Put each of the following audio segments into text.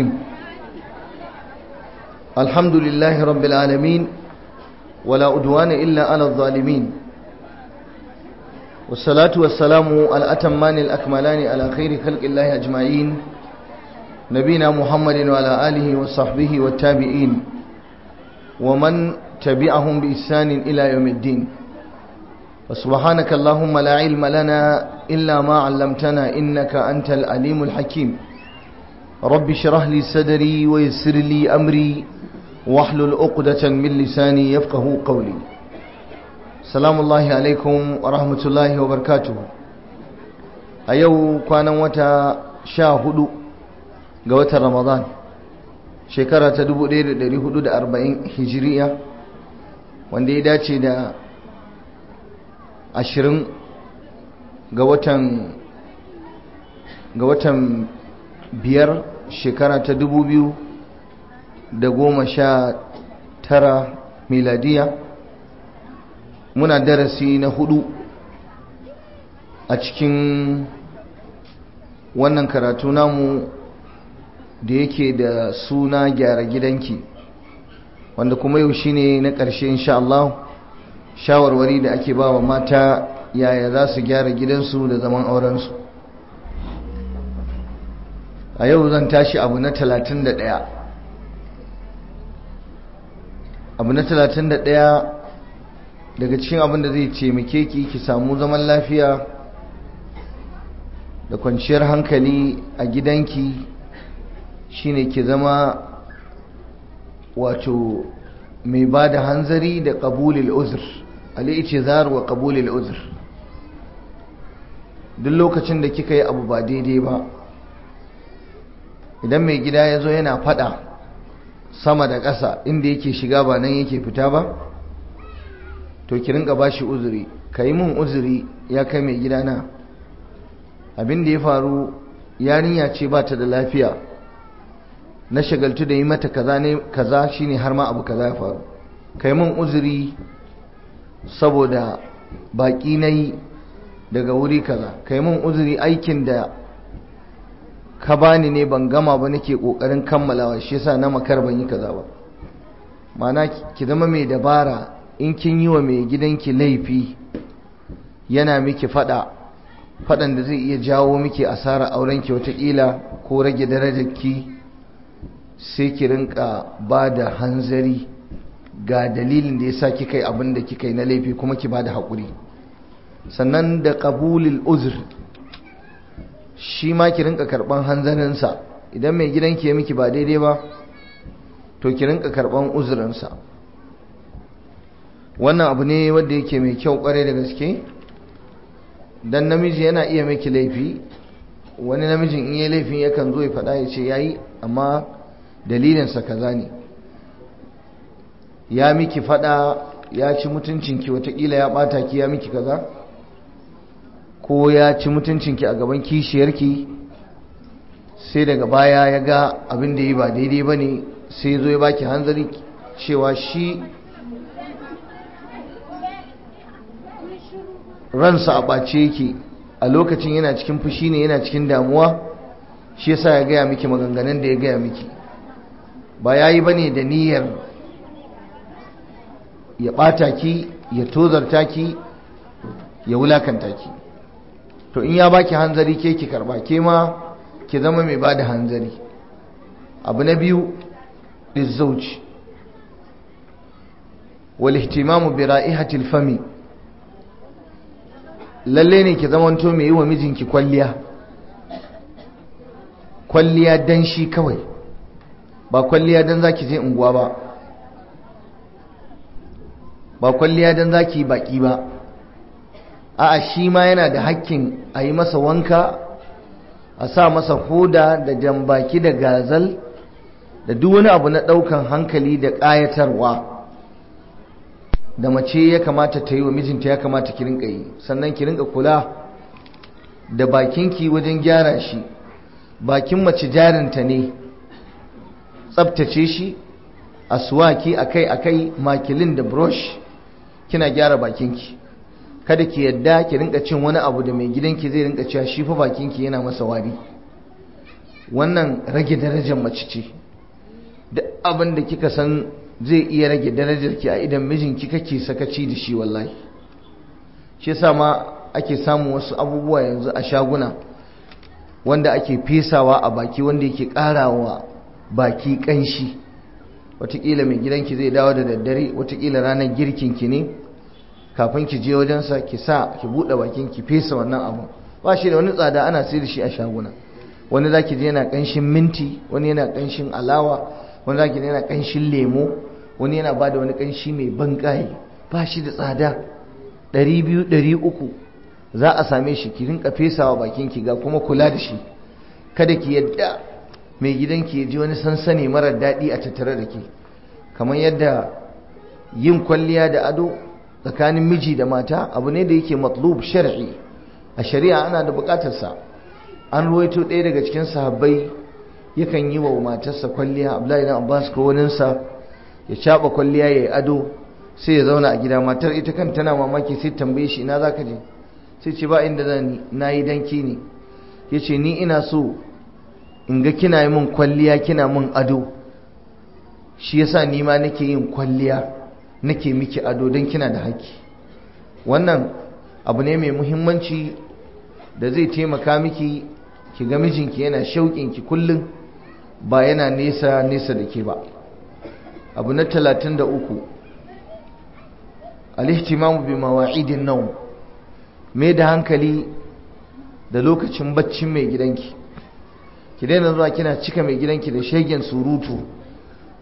الرحيم الحمد لله رب العالمين ولا أدوان إلا على الظالمين والصلاة والسلام الأتمان الأكملان على خير خلق الله أجمعين نبينا محمد وعلى آله وصحبه والتابعين ومن تبعهم بإحسان إلى يوم الدين وسبحانك اللهم لا علم لنا إلا ما علمتنا إنك أنت العليم الحكيم رب اشرح لي صدري ويسر لي أمري واحلل عقدة من لساني يفقه قولي سلام الله عليكم ورحمة الله وبركاته أيو كان وتا شاهد قوة رمضان شكرة تدبو دير دير حدود أربعين هجرية wanda ya dace da ashirin ga watan ga watan biyar shekara ta dubu biyu da goma sha tara miladiya muna darasi na hudu a cikin wannan karatu namu da yake da suna gyara gidanki wanda kuma yau shine na ƙarshe insha Allah shawarwari da ake ba wa mata yaya za su gyara gidansu da zaman aurensu a yau zan tashi abu na 31 abu na 31 daga cikin abin da zai taimake ki ki samu zaman lafiya da kwanciyar hankali a gidanki shine ki zama wato mai ba da hanzari da kabulil uzur ce wa kabulil uzur duk lokacin da kika yi abu ba daidai ba idan mai gida ya zo yana fada sama da ƙasa inda yake shiga ba nan yake fita ba to ki rinka ba shi uzuri ka yi min uzuri ya kai mai gida na abin da ya faru yarinya ce ba ta da lafiya na shagaltu da yi mata kaza ne kaza shine har ma abu kaza ya faru ka yi min uzuri saboda baƙi na yi daga wuri kaza ka yi min uzuri aikin da ka bani ne ban gama ba nake kokarin kammalawa shi yasa na makar ban yi kaza ba mana ki zama mai dabara in kin yi wa mai gidanki laifi yana miki fada fadan da zai iya jawo miki asara aurenki wataƙila ko rage darajar ki sai ki rinka ba da hanzari ga dalilin da yasa kika yi abin da kika yi na laifi kuma ki ba da haƙuri sannan da ƙabulil uzr shi ma ki rinka karban hanzarinsa idan mai gidanki ya miki ba daidai ba to ki rinka karban uzurinsa wannan abu ne wanda yake mai kyau kwarai da gaske dan namiji yana iya miki laifi wani namijin in yi laifin yakan zo ya faɗa ya ce yayi amma dalilinsa kaza ne ya miki faɗa ya ci mutuncinki watakila ya ɓata ki ya miki kaza ko ya ci mutuncinki a gaban kishiyarki sai daga baya ya ga abin da yi ba daidai ba ne sai zo ya baki hanzari cewa shi ransa a ɓace yake a lokacin yana cikin fushi ne yana cikin damuwa shi yasa ya gaya miki maganganun da ya gaya miki ba ya yi ba ne da niyyar ya ɓata ki ya tozarta ki ya wulakanta ki to in ya baki hanzari ke ki karba ke ma ki zama mai ba da hanzari abu na biyu lizzauci wal ihtimamu bi ra'ihatil fami lalle ne ki zamanto mai yi wa mijinki kwalliya kwalliya dan shi kawai ba kwalliya dan zaki je unguwa ba ba kwalliya dan zaki baki ba a'a shi ma yana da hakkin a yi masa wanka a sa masa hoda da jambaki da gazal da duk wani abu na ɗaukan hankali da ƙayatarwa da mace ya kamata ta yi wa mijinta ya kamata ki rinka yi sannan ki rinka kula da bakinki wajen gyara shi bakin mace jarinta ne tsabtace shi a aswaki akai akai makilin da brush kina gyara bakin ki. kada ki yadda ki rinka cin wani abu da mai gidanki zai rinka cewa shi fa ki yana masa wari wannan rage darajar mace ce duk abin da kika san zai iya rage darajar ki a idan mijinki kake sakaci da shi wallahi shi yasa ma ake samun wasu abubuwa yanzu a shaguna wanda ake fesawa a baki wanda yake karawa baki kanshi watakila mai gidanki zai dawo da daddare watakila ranar girkin ki ne kafin ki je wajensa ki sa ki buɗe bakin ki fesa wannan abun. ba shi da wani tsada ana sayar da shi a shaguna wani za ki je yana ƙanshin minti wani yana ƙanshin alawa wani za je yana ƙanshin lemo wani yana ba da wani kanshi mai bankaye. ba shi da tsada ɗari biyu za a same shi ki rinka fesawa bakin ki ga kuma kula da shi kada ki yadda mai gidanki ya ji wani sansani marar daɗi a tattare da ke kamar yadda yin kwalliya da ado tsakanin miji da mata abu ne da yake matlub shar'i a shari'a ana da bukatarsa an ruwaito ɗaya daga cikin sahabbai yakan yi wa matarsa kwalliya abdullahi na abbas ko waninsa ya caba kwalliya ya yi ado sai ya zauna a gida matar ita kan tana mamaki sai tambaye shi ina zaka je sai ce ba inda na yi danki ne ya ce ni ina so in ga kina yi min kwalliya kina min ado shi yasa nima nake yin kwalliya nake miki ado don kina da haƙƙi wannan abu ne mai muhimmanci da zai taimaka miki ki ga mijinki yana shauƙin ki kullum ba yana nesa nesa da ke ba abu na talatin da uku alihtimamu bi mawa'idin nau mai da hankali da lokacin baccin mai gidanki ki daina zuwa kina cika mai gidanki da shagen surutu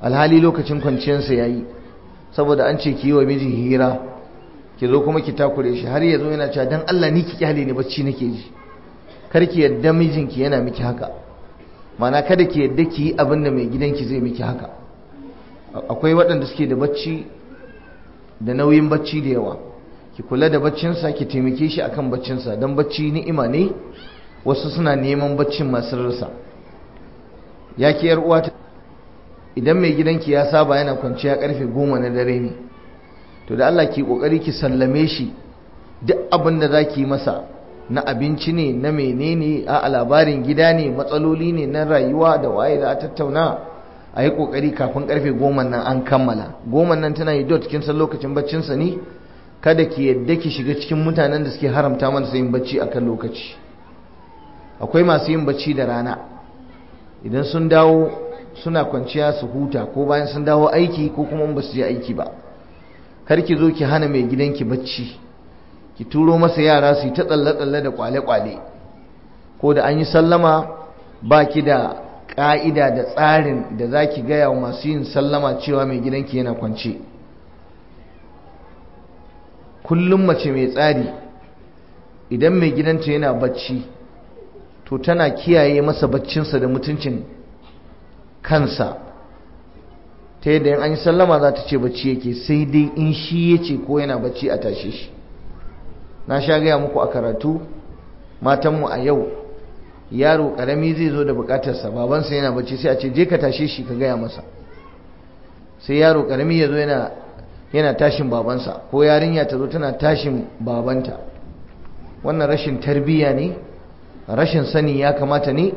alhali lokacin kwanciyarsa ya yi. saboda an ce ki yi wa miji hira ki zo kuma ki takure shi har yanzu yana cewa dan Allah ni ki kyale ni bacci nake ji kar ki yadda mijinki yana miki haka mana kada ki yadda ki yi abin da mai gidanki zai miki haka akwai waɗanda suke da bacci da nauyin bacci da yawa ki kula da baccinsa ki taimake shi akan baccinsa don bacci ni'ima ne wasu suna neman baccin masu rarsa ya ki uwa idan mai gidanki ya saba yana kwanciya karfe goma na dare ne to da Allah ki kokari ki sallame shi duk abin da za ki masa na abinci ne na menene a labarin gida ne matsaloli ne na rayuwa da waye za a tattauna a yi kokari kafin karfe goma nan an kammala goma nan tana yi dot kin san lokacin baccin sa ne kada ki yadda ki shiga cikin mutanen da suke haramta mana yin bacci akan lokaci akwai masu yin bacci da rana idan sun dawo suna kwanciya su huta ko bayan sun dawo aiki ko kuma basu ba su je aiki ba kar ki zo ki hana mai gidanki bacci ki turo masa yara su yi ta tsalle-tsalle da kwale-kwale ko da an yi sallama ba ki da ƙa'ida da tsarin da za ki gaya wa masu yin sallama cewa mai gidanki yana kwance kullum mace mai tsari idan mai gidanta yana bacci to tana kiyaye masa baccinsa da mutuncin kansa ta yadda an yi sallama za ta ce bacci yake sai dai in shi ya ce ko yana bacci a tashe shi na sha gaya muku a karatu matanmu a yau yaro karami zai zo da bukatarsa babansa yana bacci sai a ce je ka tashe shi ka gaya masa sai yaro karami ya zo yana yana tashin babansa ko yarinya ta zo tana tashin babanta wannan rashin tarbiyya ne rashin sani ya kamata ne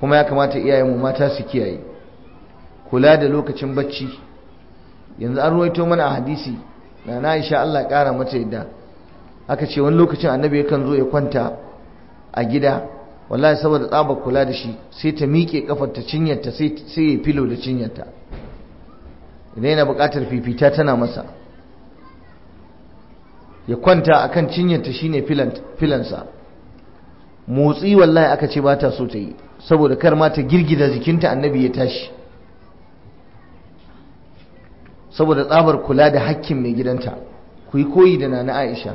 kuma ya kamata iyayenmu mata su kiyaye kula da lokacin bacci yanzu an ruwaito mana a hadisi na na isha Allah ƙara mata yadda aka ce wani lokacin annabi yakan zo ya kwanta a gida wallahi saboda tsaba kula da shi sai ta miƙe kafar ta cinyarta sai ya filo da cinyarta idan yana buƙatar fifita tana masa ya kwanta a kan cinyarta shine filansa motsi wallahi aka ce ba ta so ta yi saboda kar ma ta girgida jikinta annabi ya tashi saboda tsabar kula da hakkin mai gidanta ku yi koyi da na aisha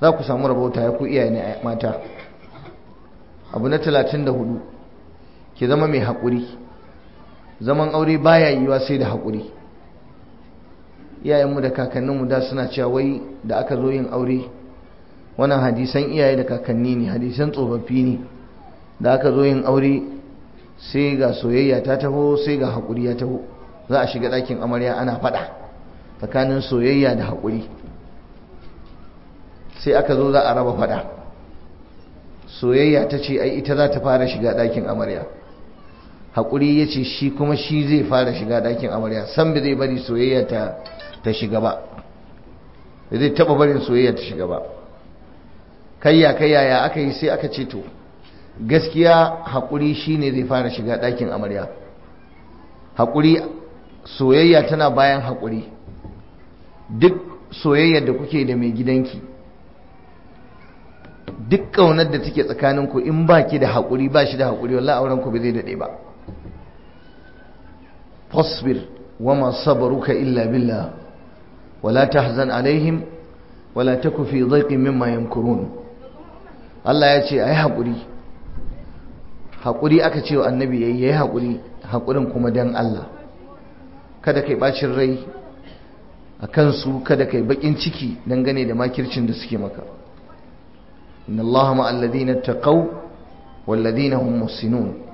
za ku samu rabauta ya ku iyaye mata abu na talatin da hudu ki zama mai haƙuri zaman aure baya yiwa sai da haƙuri iyayenmu da kakanninmu da suna cewa wai da aka zo yin aure wannan hadisan iyaye da kakanni ne hadisan tsofaffi ne da aka zo yin aure sai ga soyayya ta taho sai ga haƙuri ya taho za a shiga ɗakin amarya ana faɗa tsakanin soyayya da haƙuri sai aka zo za a raba faɗa soyayya ta ce ai ita za ta fara shiga ɗakin amarya haƙuri ya ce shi kuma shi zai fara shiga ɗakin amarya san ba zai bari soyayya ta shiga ba zai taɓa barin soyayya ta shiga ba kayya kayya ya aka yi sai aka ce to gaskiya haƙuri shi ne zai fara shiga ɗakin amarya haƙuri soyayya tana bayan haƙuri duk soyayya da kuke da mai gidanki duk ƙaunar da take tsakaninku in ba ki da haƙuri ba shi da haƙuri wallah auren ku ba zai daɗe ba fasbir wama sabaruka illa billah wala tahzan alaihim wala taku fi dhiqin mimma yamkurun Allah ya ce ayi haƙuri haƙuri aka ce wa annabi yayi haƙuri haƙurin kuma dan Allah kada kai bacin rai a kansu kada kai bakin ciki dangane da makircin da suke maka inna allaha ma'al ladina taqaw wal ladina hum muhsinun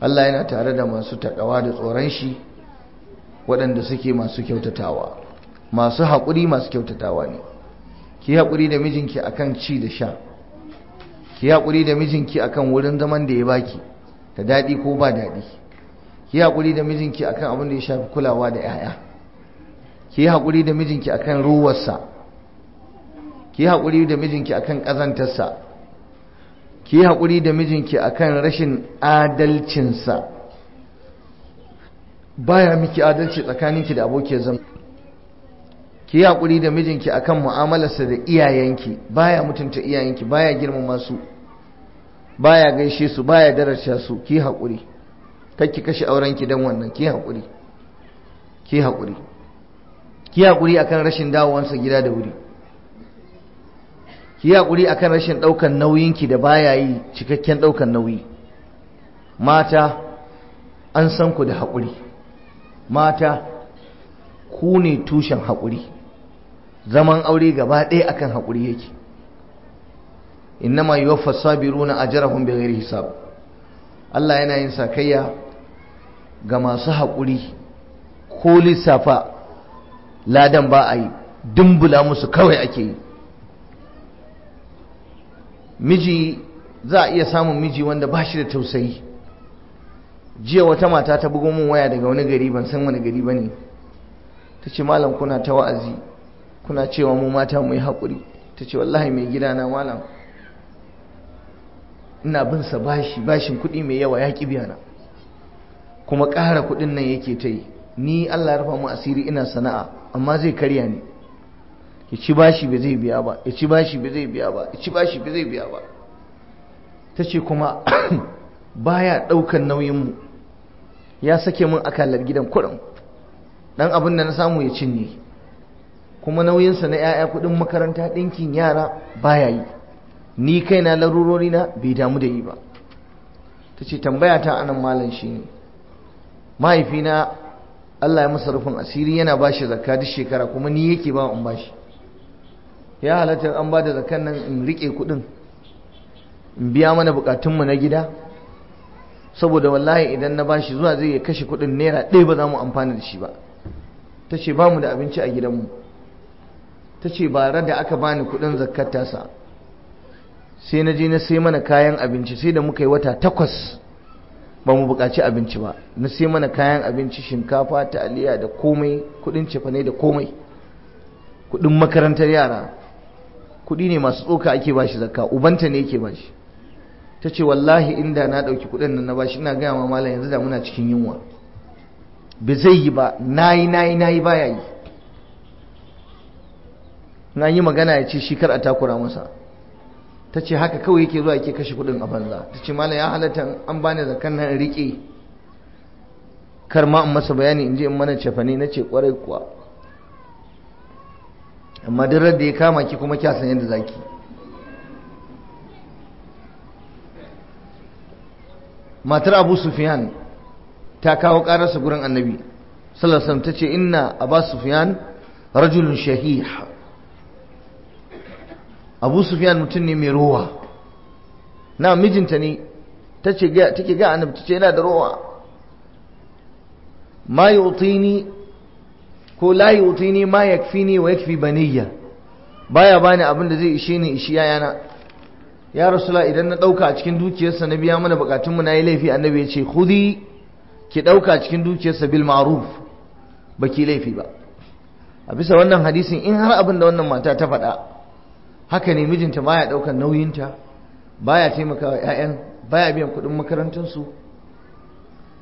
Allah yana tare da masu takawa da tsoron shi waɗanda suke masu kyautatawa masu haƙuri masu kyautatawa ne ki haƙuri da mijinki akan ci da sha ki haƙuri da mijinki akan wurin zaman da ya baki da daɗi ko ba daɗi ki hakuri da mijinki akan abin da ya shafi kulawa da 'ya'ya ki hakuri da mijinki akan ruwarsa ki hakuri da mijinki akan ƙazantarsa ki hakuri da mijinki akan rashin adalcinsa baya miki adalci tsakaninki da abokiyar zama ki hakuri da mijinki akan mu'amalarsa da iyayenki baya mutunta iyayenki baya girmama su baya gaishe su baya daraja su ki hakuri ki kashe auren ki dan wannan ki hakuri? ki hakuri ki hakuri akan rashin dawowansa gida da wuri ki hakuri akan rashin ɗaukan nauyinki da baya yi cikakken ɗaukan nauyi mata an san ku da hakuri. mata ku ne tushen hakuri? zaman aure gaba ɗaya akan hakuri yake innama yuwaffa sabiruna ajrahum bighairi hisab Allah yana yin sakayya ga masu haƙuri ko lissafa ladan ba a yi dumbula musu kawai ake yi miji za a iya samun miji wanda ba shi da tausayi jiya wata mata ta bugo min waya daga wani gari ban san wani gari ba ne ta ce malam kuna ta wa'azi kuna cewa mu mata mu yi haƙuri ta ce wallahi mai gida na malam ina bin sa bashi bashin kuɗi mai yawa ya ƙi biya kuma ƙara kuɗin nan yake ta yi ni Allah ya rufa mu asiri ina sana'a amma zai karya ni ya ci bashi ba zai biya ba ya ci bashi ba zai biya ba ya ci bashi ba zai biya ba ta ce kuma baya ɗaukan nauyin mu ya sake mun akalar gidan kuɗin dan abin da na samu ya cinye kuma nauyinsa na 'ya'ya kuɗin makaranta ɗinkin yara baya yi ni kaina larurori na bai damu da yi ba ta ce tambaya ta anan malam shi ne mahaifina Allah ya masa rufin asiri yana ba shi zakka duk shekara kuma ni yake ba in ba shi ya halatta an ba da zakkan nan in rike kuɗin in biya mana bukatunmu na gida saboda wallahi idan na bashi zuwa zai ya kashe kuɗin naira ɗaya ba za mu amfana da shi ba ta ce ba mu da abinci a gidanmu ta ce bara da aka bani kuɗin zakkatasa tasa sai na je na sai mana kayan abinci sai da muka yi wata takwas ba mu buƙaci abinci ba na sai mana kayan abinci shinkafa ta taliya da komai kudin cefane da komai kudin makarantar yara kuɗi ne masu tsoka ake ba shi zakka ubanta ne yake ba shi ta ce wallahi inda na ɗauki kudin nan na ba shi ina gaya ma malam yanzu da muna cikin yunwa ba zai yi ba nayi nayi nayi baya yi na yi magana ya ce shi kar a takura masa ta ce haka kawai yake zuwa yake kashe kudin a banza ta ce malam ya halatta an bani zakan nan rike kar ma in masa bayani in je in mana cefane na ce kwarai kuwa amma duk da ya kama ki kuma kya san yadda zaki matar abu sufiyan ta kawo kararsa gurin annabi sallallahu alaihi wasallam tace inna abu sufiyan rajulun shahih abu sufyan mutum ne mai rowa na mijinta ne ta ce ga take ga annabi ta ce yana da rowa ma yutini ko la yutini ma yakfini wa yakfi baniya baya bani abin da zai ishe ni ishi yayana ya rasula idan na dauka a cikin dukiyarsa na biya mana bukatun mu nayi laifi annabi ya ce khudi ki dauka cikin dukiyarsa bil ma'ruf baki laifi ba a bisa wannan hadisin in har abin da wannan mata ta faɗa haka ne mijinta baya ɗaukan nauyinta baya taimakawa 'ya'yan baya biyan kuɗin makarantunsu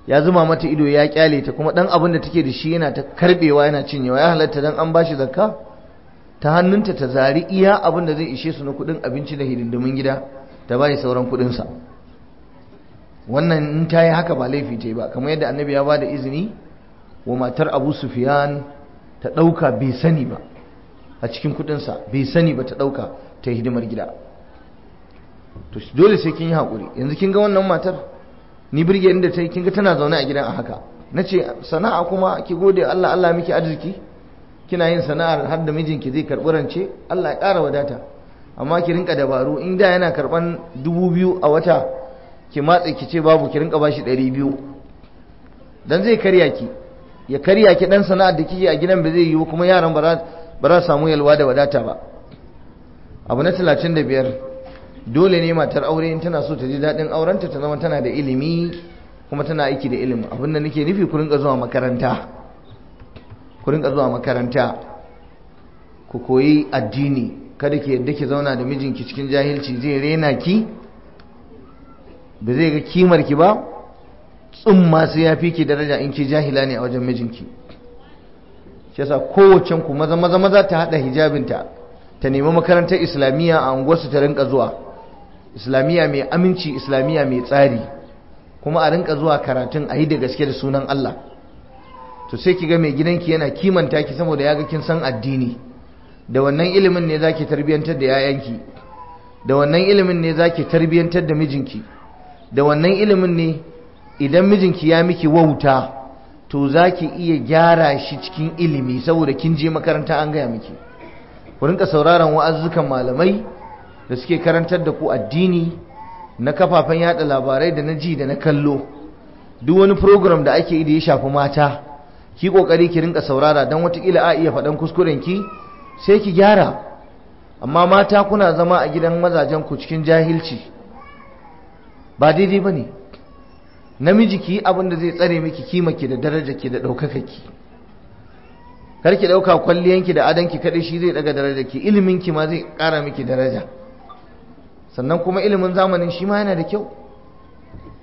ya zuma mata ido ya kyale ta kuma ɗan abin da take da shi yana ta karbewa yana cinyewa ya halatta dan an bashi zakka ta hannunta ta zari iya abin da zai ishe su na kuɗin abinci da hidindimin gida ta bayi sauran kuɗinsa wannan in ta yi haka ba laifi ta yi ba kamar yadda annabi ya ba da izini wa matar abu sufiyan ta ɗauka bai sani ba a cikin kudinsa bai sani ba ta ɗauka ta hidimar gida to dole sai kin yi hakuri, yanzu kin ga wannan matar ni birge inda ta yi kin ga tana zaune a gidan a haka na ce sana'a kuma ki gode Allah Allah miki arziki kina yin sana'ar har da mijinki zai karɓi rance Allah ya ƙara wadata amma ki rinka dabaru in da yana karɓan dubu biyu a wata ki matse ki ce babu ki rinka bashi ɗari biyu dan zai karya ki ya karya ki dan sana'ar da kike a gidan ba zai yi kuma yaran ba za. ba za samu yalwa da wadata ba abu na talatin da biyar dole ne matar aure in tana so ta ji daɗin aurenta ta zama tana da ilimi kuma tana aiki da ilimi abin da nake nufi ku rinƙa zuwa makaranta ku rinƙa zuwa makaranta ku koyi addini kada ki yadda ki zauna da mijinki cikin jahilci zai rena ki ba zai ga kimar ki ba tsumma sai ya fi ki daraja in ki jahila ne a wajen mijinki shi yasa kowace ku maza maza maza ta hada hijabinta ta nemi makarantar islamiyya a unguwarsu ta rinka zuwa islamiyya mai aminci islamiyya mai tsari kuma a rinka zuwa karatun a yi da gaske da sunan Allah to sai ki ga mai gidanki yana kimanta ki saboda ya ga kin san addini da wannan ilimin ne zaki tarbiyantar da yayanki da wannan ilimin ne zaki tarbiyantar da mijinki da wannan ilimin ne idan mijinki ya miki wauta to za ki iya gyara shi cikin ilimi saboda kin je makaranta an gaya miki ku rinka sauraron wa'azukan malamai da suke karantar da ku addini na kafafen yada labarai da na ji da na kallo duk wani program da ake yi da ya shafi mata ki kokari ki rinka saurara don watakila a iya faɗan kuskuren ki sai ki gyara amma mata kuna zama a gidan mazajen ku cikin jahilci ba daidai bane ne namiji ki abin da zai tsare miki kimaki da daraja ki da ki. kar ki ɗauka kwalliyanki da adanki kaɗai shi zai ɗaga darajarki iliminki ma zai kara miki daraja sannan kuma ilimin zamanin shi ma yana da kyau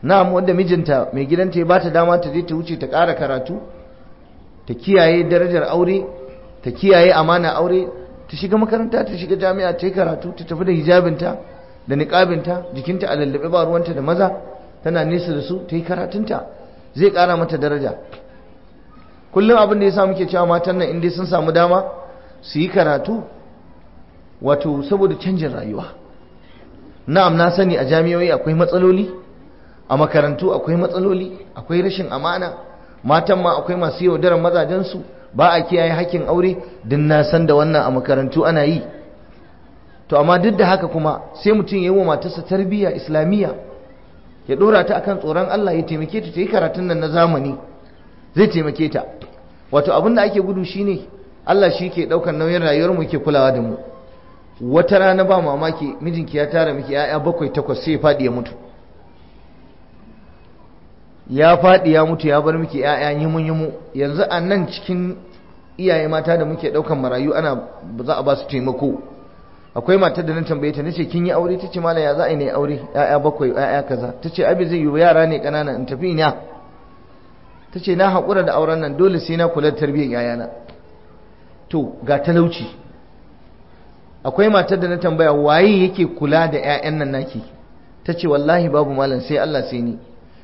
na'am wanda mijinta mai gidanta ya bata dama ta je ta wuce ta kara karatu ta kiyaye darajar aure ta kiyaye amana aure ta shiga makaranta ta shiga jami'a ta yi karatu ta tafi da hijabinta da niƙabinta jikinta a lallaɓe ba ruwanta da maza tana nesa da su ta yi karatunta zai kara mata daraja kullum abin da ya sa muke cewa matan nan inda sun samu dama su yi karatu wato saboda canjin rayuwa na'am na sani a jami'o'i akwai matsaloli a makarantu akwai matsaloli akwai rashin amana matan ma akwai masu yaudarar mazajensu ba a kiyaye hakkin aure din na san da wannan a makarantu ana yi to amma duk da haka kuma sai mutum ya yi wa matarsa tarbiyya islamiyya ya dora ta akan tsoron Allah ya taimake ta ta yi karatun nan na zamani zai taimake ta wato abin da ake gudu shine Allah shi ke ɗaukan nauyin rayuwar mu ke kulawa da mu wata rana ba mamaki mijinki ya tara miki ya'ya bakwai takwas sai ya faɗi ya mutu ya faɗi ya mutu ya bar miki ya'ya yimu yimu yanzu a nan cikin iyaye mata da muke ɗaukan marayu ana za a ba su taimako akwai matar da na tambaye ta nace kin yi aure tace mallam ya za a yi ne aure ya'ya bakwai ya'ya kaza tace abi zai yi yara ne kanana in tafi ina tace na hakura da auren nan dole sai na kula da tarbiyyar yayana to ga talauci akwai matar da na tambaya waye yake kula da yayan nan naki tace wallahi babu malam sai Allah sai ni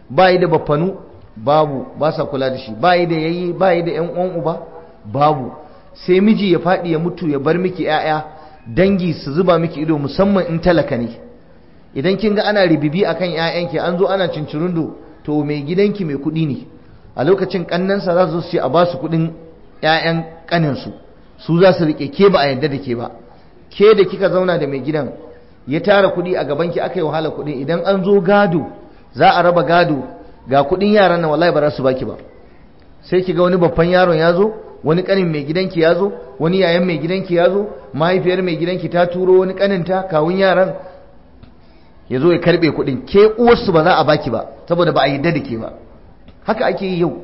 ba yi da bafanu babu ba sa kula da shi yi da yayi yi da ƴan uwan uba babu sai miji ya faɗi ya mutu ya bar miki yaya dangi su zuba miki ido musamman in talaka ne idan kin ga ana ribibi akan ƴaƴanki an zo ana cincirundo to mai gidanki mai kuɗi ne a lokacin kannansa za su ce a ba su kuɗin yayan kaninsu, su za su rike ke ba a yadda da ke ba ke da kika zauna da mai gidan ya tara kuɗi a gabanki aka yi wahala kuɗi idan an zo gado za a raba gado ga kuɗin yaran nan wallahi ba za su baki ba sai ki ga wani babban yaron ya zo wani kanin mai gidanki ya zo wani yayan mai gidanki ya zo mahaifiyar mai gidanki ta turo wani kaninta kawun yaran ya zo ya karbe kuɗin ke uwarsu ba za a baki ba saboda ba a yi dadake ba haka ake yi yau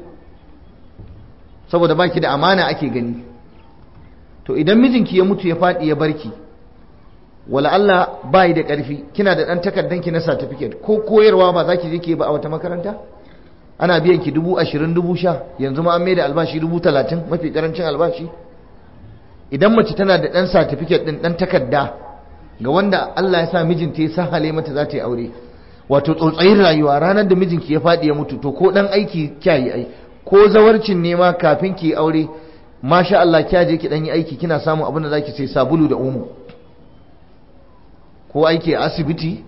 saboda baki da amana ake gani to idan mijinki ya mutu ya faɗi ya barki wala Allah ba da ƙarfi kina da ɗan takardanki na certificate ko koyarwa ba za ki je ke ba a wata makaranta ana biyan ki dubu ashirin dubu sha yanzu ma an mai da albashi dubu talatin mafi karancin albashi idan mace tana da ɗan satifiket ɗin ɗan takarda ga wanda Allah ya sa mijinta ya hale mata za ta yi aure wato tsotsayin rayuwa ranar da mijinki ya faɗi ya mutu to ko ɗan aiki kya yi ai ko zawarcin nema kafin ki yi aure masha Allah kya je ki ɗan yi aiki kina samun abin da za ki sai sabulu da omo ko aiki a asibiti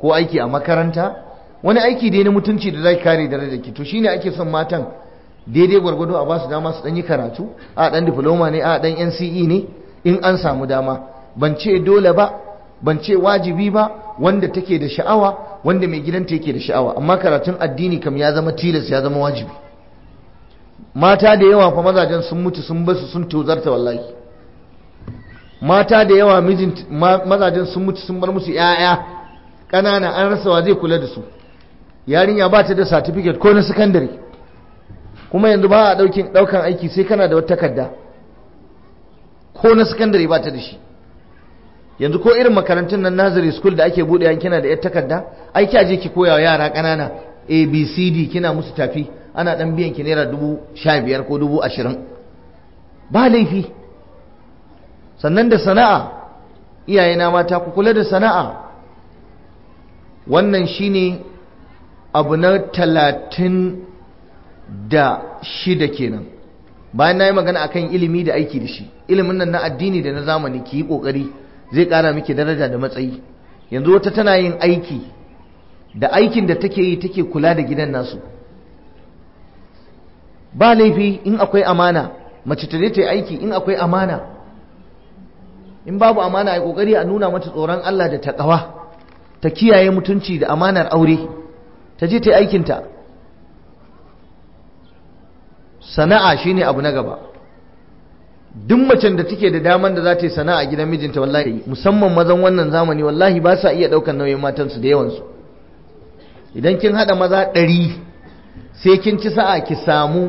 ko aiki a makaranta wani aiki dai na mutunci da zai kare da ki to shine ake son matan daidai gwargwado a basu dama su dan yi karatu a dan diploma ne a dan NCE ne in an samu dama ban ce dole ba ban ce wajibi ba wanda take da sha'awa wanda mai gidanta yake da sha'awa amma karatun addini kam ya zama tilas ya zama wajibi mata da yawa fa mazajen sun mutu sun basu sun tozarta wallahi mata da yawa mazajen sun mutu sun bar musu 'ya'ya ƙanana an rasa wa zai kula da su yarinya ba ta da certificate ko na secondary kuma yanzu ba a daukan aiki sai kana da wata takarda ko na secondary ba ta da shi yanzu ko irin makarantun nan nazari school da ake buɗe kina da yar takarda ai ki aje ki koya wa yara kanana abcd kina musu tafi ana ɗan biyan ki naira dubu sha biyar ko dubu ashirin ba laifi sannan da sana'a iyayena mata ku kula da sana'a wannan shine abu na talatin da shida kenan bayan na yi magana akan ilimi da aiki da shi ilimin nan na addini da na zamani ki yi ƙoƙari zai ƙara miki daraja da matsayi yanzu wata tana yin aiki da aikin da take yi take kula da gidan nasu ba laifi in akwai amana mace ta je ta yi aiki in akwai amana in babu amana a ƙoƙari a nuna mata tsoron Allah da taƙawa ta kiyaye mutunci da amanar aure ta je ta yi aikinta sana'a shine abu na gaba duk macen da take da daman da za ta yi sana'a gidan mijinta wallahi musamman mazan wannan zamani wallahi ba sa iya ɗaukar nauyin matansu da yawansu idan kin haɗa maza ɗari sai kin ci sa'a ki samu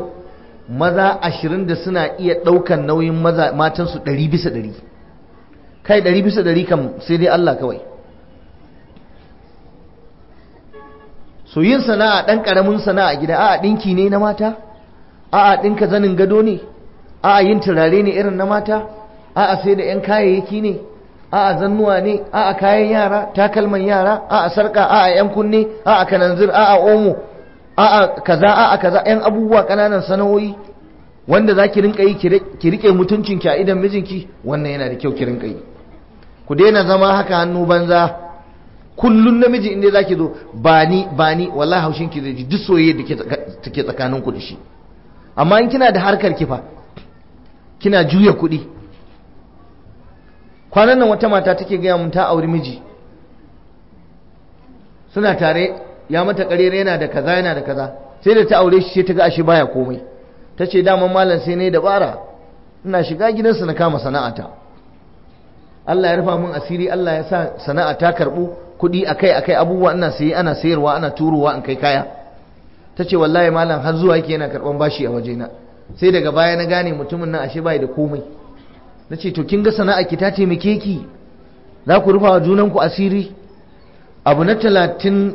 maza ashirin da suna iya ɗaukar nauyin matansu ɗari bisa ɗari kai ɗari bisa ɗari kam sai dai Allah kawai so yin sana'a ɗan ƙaramin sana'a gida a'a ɗinki ne na mata a'a ɗinka zanin gado ne a'a yin turare ne irin na mata a'a sai da 'yan kayayyaki ne a'a zannuwa ne a'a kayan yara takalman yara a'a sarƙa a'a 'yan kunne a'a kananzir a'a omo a'a kaza a'a kaza 'yan abubuwa ƙananan sana'o'i wanda za ki rinka yi ki riƙe mutuncinki a idan mijinki wannan yana da kyau ki rinka yi ku daina zama haka hannu banza kullun namiji inda zaki zo ba ni ba ni wallahi haushin ki zai ji duk soyayya da take tsakanin ku da shi amma in kina da harkar ki fa kina juya kuɗi kwanan nan wata mata take gaya mun ta auri miji suna tare ya mata karere yana da kaza yana da kaza sai da ta aure shi sai ta ga ashe baya komai ta ce daman malam sai ne dabara ina shiga gidansa na kama sana'ata Allah ya rufa mun asiri Allah ya sa sana'a ta karbu kuɗi akai akai abubuwa ana sayi ana sayarwa ana turowa an kai kaya ta ce wallahi malam har zuwa yake yana karɓan bashi a wajena sai daga baya na gane mutumin nan ashe bai da komai na ce to kin ga sana'a ki ta taimake ki za ku rufa wa junanku asiri abu na talatin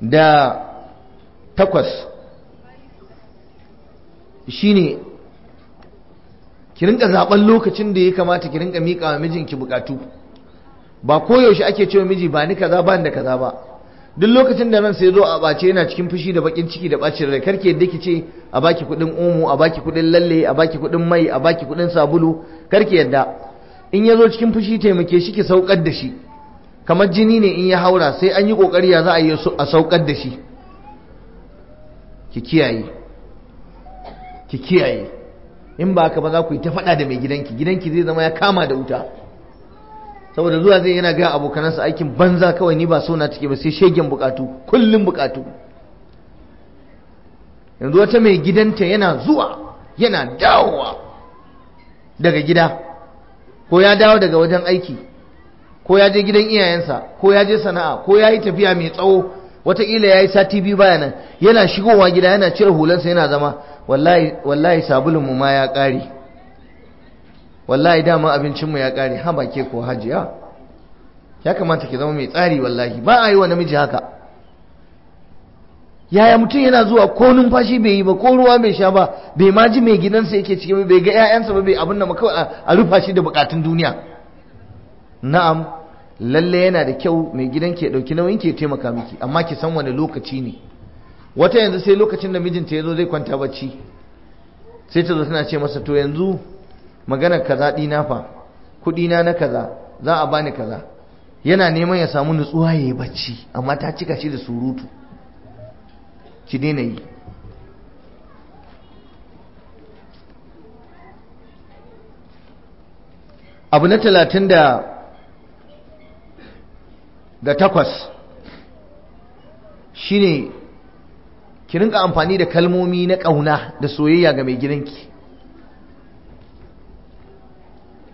da takwas shine ki rinka zaben lokacin da ya kamata ki rinka miƙa wa mijinki bukatu ba koyaushe ake cewa miji ba ni kaza ba da kaza ba duk lokacin da nan sai zo a bace yana cikin fushi da bakin ciki da bacin rai karke yadda ki ce a baki kudin omo a baki kudin lalle a baki kudin mai a baki kudin sabulu karke yadda in ya zo cikin fushi taimake shi ki saukar da shi kamar jini ne in ya haura sai an yi kokari ya za a yi a saukar da shi ki kiyaye ki kiyaye in ba haka ba za ku yi ta faɗa da mai gidanki gidanki zai zama ya kama da wuta saboda zuwa zai yana ga abokanansa aikin banza kawai ni ba so na take ba sai shegen bukatu kullum bukatu yanzu wata mai gidanta yana zuwa yana dawowa daga gida ko ya dawo daga wajen aiki ko ya je gidan iyayensa ko ya je sana'a ko ya yi tafiya mai tsawo wataƙila ya yi sati biyu baya nan yana shigowa gida yana cire hulansa yana zama wallahi sabulun ma ya ƙare wallahi dama abincinmu ya ƙare ha ke ko hajiya ya kamata ki zama mai tsari wallahi ba a yi wa namiji haka yaya mutum yana zuwa ko numfashi bai yi ba ko ruwa bai sha ba bai ma ji mai gidansa yake ciki ba bai ga 'ya'yansa ba bai abin da kawai a rufa shi da bukatun duniya na'am lalle yana da kyau mai gidan ke dauki nauyin ke taimaka miki amma ki san wani lokaci ne wata yanzu sai lokacin da mijinta ya zo zai kwanta bacci sai ta zo tana ce masa to yanzu maganar kaza dina fa kudi na na kaza za a bani kaza yana neman ya samu nutsuwa yayi bacci amma ta cika shi da surutu ki daina yi abu na talatin da da takwas shine ki rinka amfani da kalmomi na ƙauna da soyayya ga mai gidanki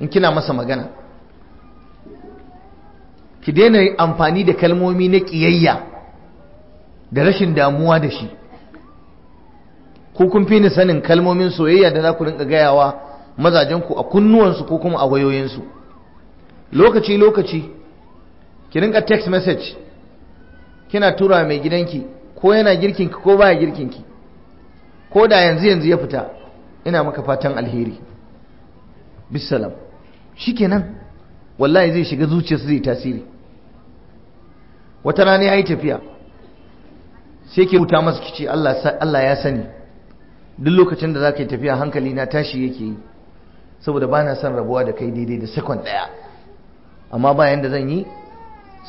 in kina masa magana ki daina amfani da kalmomi na ƙiyayya da rashin damuwa da shi ko kun fi ni sanin kalmomin soyayya da za ku rinka gayawa mazajenku a kunnuwansu ko kuma a wayoyinsu lokaci lokaci ki rinka text message kina tura mai gidanki ko yana girkinki ko baya girkinki ko da yanzu yanzu ya fita ina maka fatan alheri bisalam shi shikenan wallahi zai shiga zuciyarsa zai tasiri wata rana ya yi tafiya sai ke rubuta masa kici Allah ya sani duk lokacin da za ka yi tafiya hankali na tashi yake yi saboda ba na son rabuwa da kai daidai da sakon ɗaya amma bayan da zan yi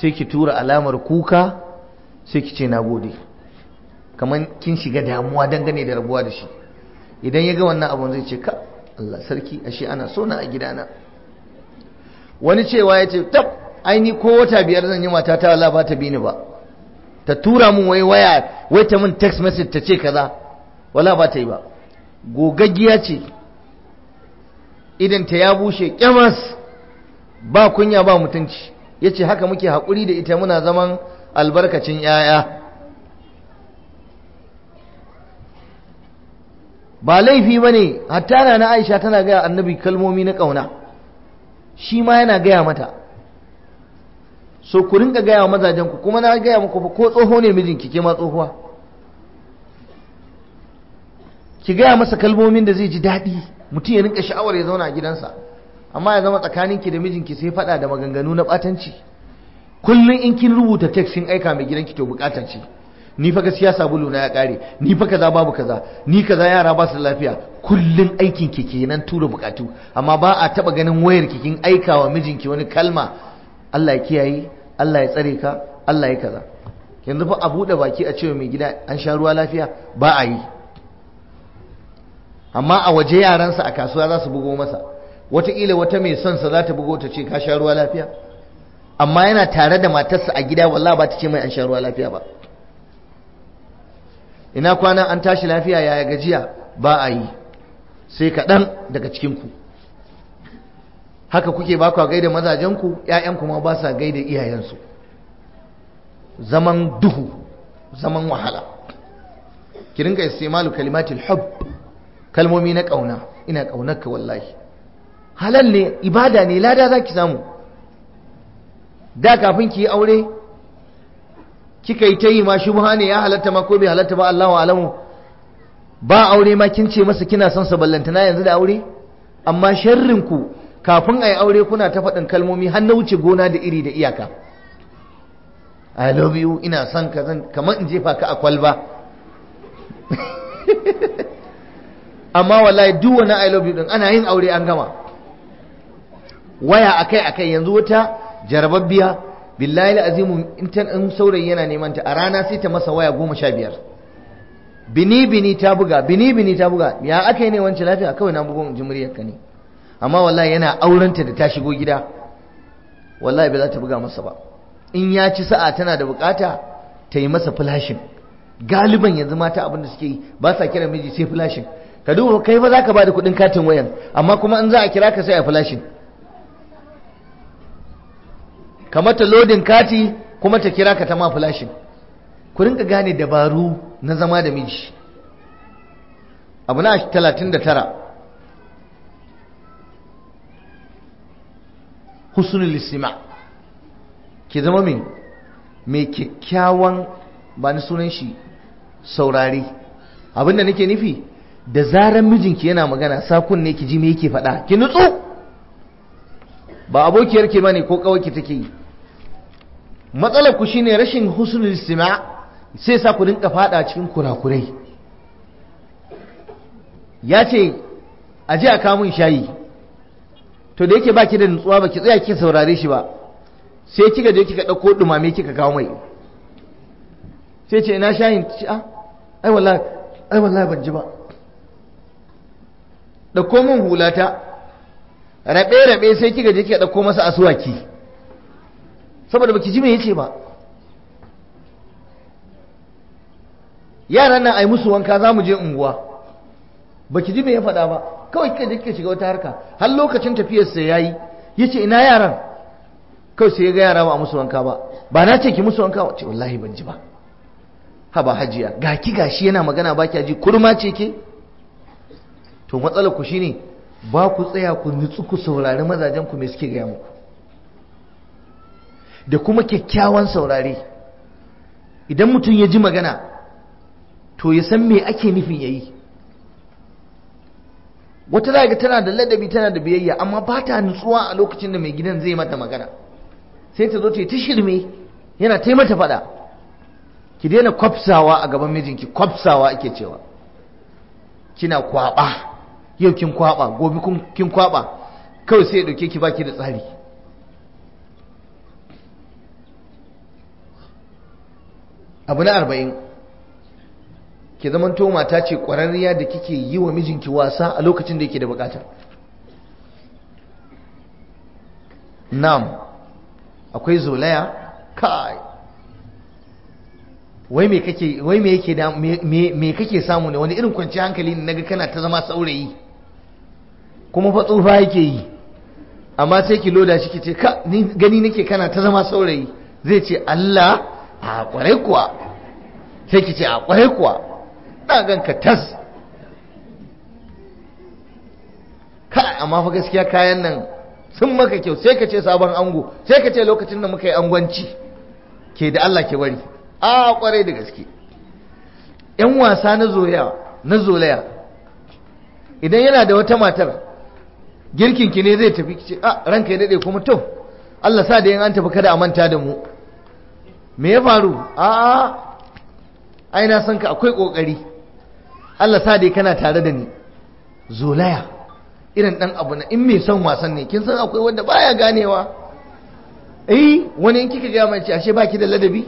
sai ki tura alamar kuka sai ki ce na gode kamar kin shiga damuwa dangane da rabuwa da shi idan ya ga wannan abun zai ce ka Allah sarki ashe ana so na a gidana wani cewa ya ce tab aini ko wata biyar zan yi mata ta Allah ba ta bi ni ba ta tura mun wai waya wai ta mun text message ta ce kaza wala ba ta yi ba gogaggiya ce idan ta ya bushe kyamas ba kunya ba mutunci yace haka muke hakuri da ita muna zaman albarkacin 'ya'ya ba laifi ba ne hatta na aisha tana gaya annabi kalmomi na ƙauna shi ma yana gaya mata so ku rinka gaya wa mazajen ku kuma na gaya muku ko tsoho ne mijinki ke ma tsohuwa ki gaya masa kalmomin da zai ji daɗi mutum ya rinka sha'awar ya zauna a gidansa amma ya zama tsakaninki da mijinki sai faɗa da maganganu na ɓatanci kullum in kin rubuta tekstin aika mai gidanki to buƙatar ce ni fa siyasa sabulu na ya kare ni fa kaza babu kaza ni kaza yara ba su lafiya kullun aikin ki kenan tura bukatu amma ba a taba ganin wayar ki kin aika wa mijinki wani kalma Allah ya kiyaye Allah ya tsare ka Allah ya kaza yanzu fa a bude baki a cewa mai gida an sha ruwa lafiya ba a yi amma a waje yaransa a kasuwa za su bugo masa wataƙila wata mai son sa za ta bugo ta ce ka sha ruwa lafiya amma yana tare da matarsa a gida wallahi ba ta ce mai an sha ruwa lafiya ba ina kwana an tashi lafiya yaya gajiya ba a yi sai kaɗan daga cikinku haka kuke ba kwa gaida mazajenku ‘ya'yanku ma ba sa gaida iyayensu zaman duhu zaman wahala ki rinka istimalu kalimatul hub kalmomi na ƙauna ina ƙaunarka wallahi halal ne ibada ne lada za ki samu da kafin ki yi aure kika yi ta yi ma shubha ne ya halatta ma ko bai halatta ba Allahu alamu ba aure ma kin ce masa kina son sa ballantana yanzu da aure amma sharrin ku kafin ai aure kuna ta faɗin kalmomi har na wuce gona da iri da iyaka I love you ina son ka zan kamar in jefa ka a kwalba amma wallahi duk wani I love you din ana yin aure an gama waya akai akai yanzu wata jarababbiya billahi azimu in tan in saurayi yana neman ta a rana sai ta masa waya goma sha biyar bini bini ta buga bini bini ta buga ya aka ne wancan lafiya kawai na bugun in ji muryarka ne amma wallahi yana aurenta da ta shigo gida wallahi ba za ta buga masa ba in ya ci sa'a tana da bukata ta yi masa flashing. galiban yanzu mata abin da suke yi ba sa kira miji sai flashing. ka duba kai fa ba da kudin katin wayan amma kuma in za a kira ka sai a flashin ka mata lodin kati kuma ta kira ka ta ma flashin ku rinka gane dabaru na zama da miji abu na 39 husnul lissima. ki zama min mai kyakkyawan ba ni sunan shi saurari abinda nake nufi da zaran mijinki yana magana sakun ne ki ji me yake faɗa ki nutsu ba abokiyar ke bane ko kawai ki take yi matsalar ku shine rashin husnul istima sai sa ku rinka fada cikin kurakurai ya ce a ji a kamun shayi to da yake baki da nutsuwa baki tsaya kika saurare shi ba sai kika je kika dauko dumame kika kawo mai sai ce ina shayin ci a ah, ai wallahi ai wallahi ban ji ba dauko min hulata rabe rabe sai kika je kika dauko masa asuwaki saboda baki ji me yace ba yaran nan ai musu wanka zamu je unguwa baki ji me ya faɗa ba kawai kika je kika shiga wata harka har lokacin tafiyar sa yayi yace ina yaran kawai sai ga yara ba a musu wanka ba ba na ce ki musu wanka ba ce wallahi ban ji ba haba hajiya ga ki gashi yana magana ba ki ji kurma ce ke to matsalar ku shine ba ku tsaya ku nutsu ku saurari mazajen ku me suke gaya muku da kuma kyakkyawan saurare idan mutum ya ji magana to ya san me ake nufin ya yi wata daga tana da ladabi tana da biyayya amma ba ta nutsuwa a lokacin da mai gidan zai mata magana sai ta zo ta yi ta shirme yana ta mata faɗa ki daina kwafsawa a gaban mijinki kwafsawa ake cewa kina kwaba yau kin kwaba gobe kin kwaɓa, kawai sai ya dauke ki baki da tsari abu na arba'in ke zaman to mata ce ƙwararriya da kike yi wa mijinki wasa a lokacin da yake da bukata nam akwai zolaya kai wai me kake wai samu ne wani irin kwanci hankali ne naga kana ta zama saurayi kuma fa tsufa yake yi amma sai ki loda shi ki ce ka ni gani nake kana ta zama saurayi zai ce Allah a kwarai kuwa sai ki ce a kwarai kuwa gan ganka tas kai amma fa gaskiya kayan nan sun maka kyau sai ka ce sabon ango sai ka ce lokacin da muka yi angwanci ke da Allah ke bari a kwarai da gaske yan wasa na zoya na zolaya idan yana da wata matar girkin ki ne zai tafi ki ce a ah, ranka ya dade kuma to Allah sa da yin an tafi kada a manta da mu me ya faru a ai na san ka akwai kokari Allah sa dai kana tare da ni zolaya irin dan abu na in mai son wasan ne kin san akwai wanda baya ganewa eh wani in kika gaya mace ashe baki da ladabi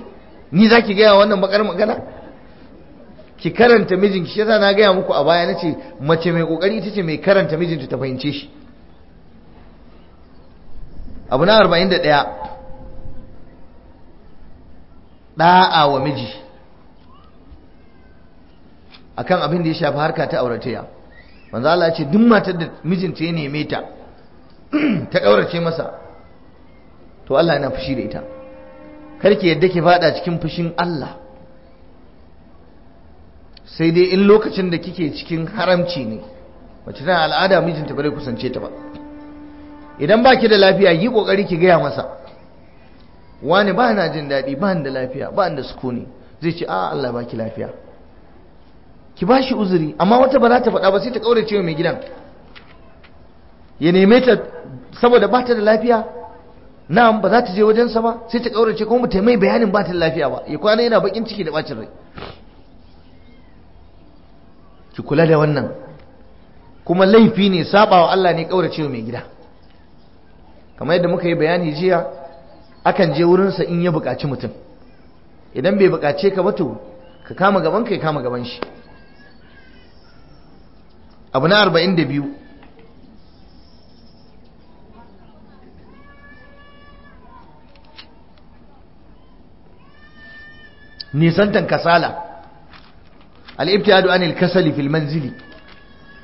ni zaki gaya wannan bakar magana ki karanta mijinki shi yasa na gaya muku a baya nace mace mai kokari ita ce mai karanta mijinta ta fahimce shi abu na 41 da'a wa miji akan abin da ya shafi harka ta auratayya manzo Allah ya ce duk matar da mijinta ya neme ta ta daurace masa to Allah yana fushi da ita karki yadda ki fada cikin fushin Allah sai dai in lokacin da kike cikin haramci ne mace tana al'ada mijinta bare kusance ta ba idan baki da lafiya yi kokari ki gaya masa wani ba na jin daɗi ba da lafiya ba da sukuni zai ce a Allah baki lafiya ki ba shi uzuri amma wata ba za ta faɗa ba sai ta ƙaurace wa mai gidan ya neme ta saboda ba ta da lafiya na ba za ta je wajensa ba sai ta ƙaurace kuma ba ta mai bayanin ba ta da lafiya ba ya kwana yana bakin ciki da bacin rai ki kula da wannan kuma laifi ne sabawa Allah ne ƙaurace ce mai gida kamar yadda muka yi bayani jiya akan je wurinsa in ya buƙaci mutum idan bai buƙace ka ba to ka kama gaban ka ya kama gaban shi abu na arba'in da biyu nisantan kasala al'ibtiyadu anil kasali fil manzili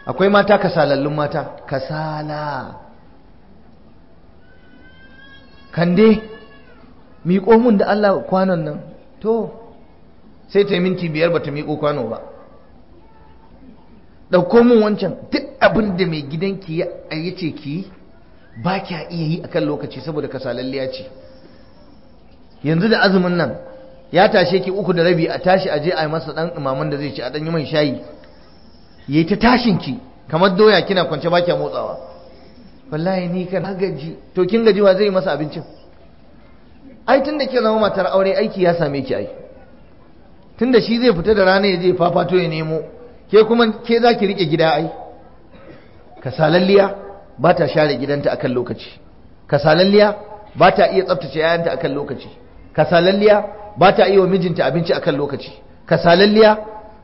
akwai mata kasalallun mata kasala kande miƙo mun da Allah kwanon nan to sai ta yi minti biyar ba ta miƙo kwano ba ɗauko mun wancan duk abin da mai gidanki ya ce ki ba kya iya yi akan lokaci saboda kasalalliya ce yanzu da azumin nan ya tashe ki uku da rabi a tashi aje a yi masa ɗan imaman da zai ci a ɗan yi mai shayi ya yi ta tashin ki kamar doya kina kwance ba kya motsawa wallahi ni kan gaji to kin gaji wa zai yi masa abincin ai tun da ke zama matar aure aiki ya same ki ai tun da shi zai fita da rana ya je fafato ya nemo ke kuma ke za ki rike gida ai kasalalliya ba ta share gidanta akan lokaci kasalalliya ba ta iya tsaftace yayanta akan lokaci kasalalliya ba ta iya wa mijinta abinci akan lokaci kasalalliya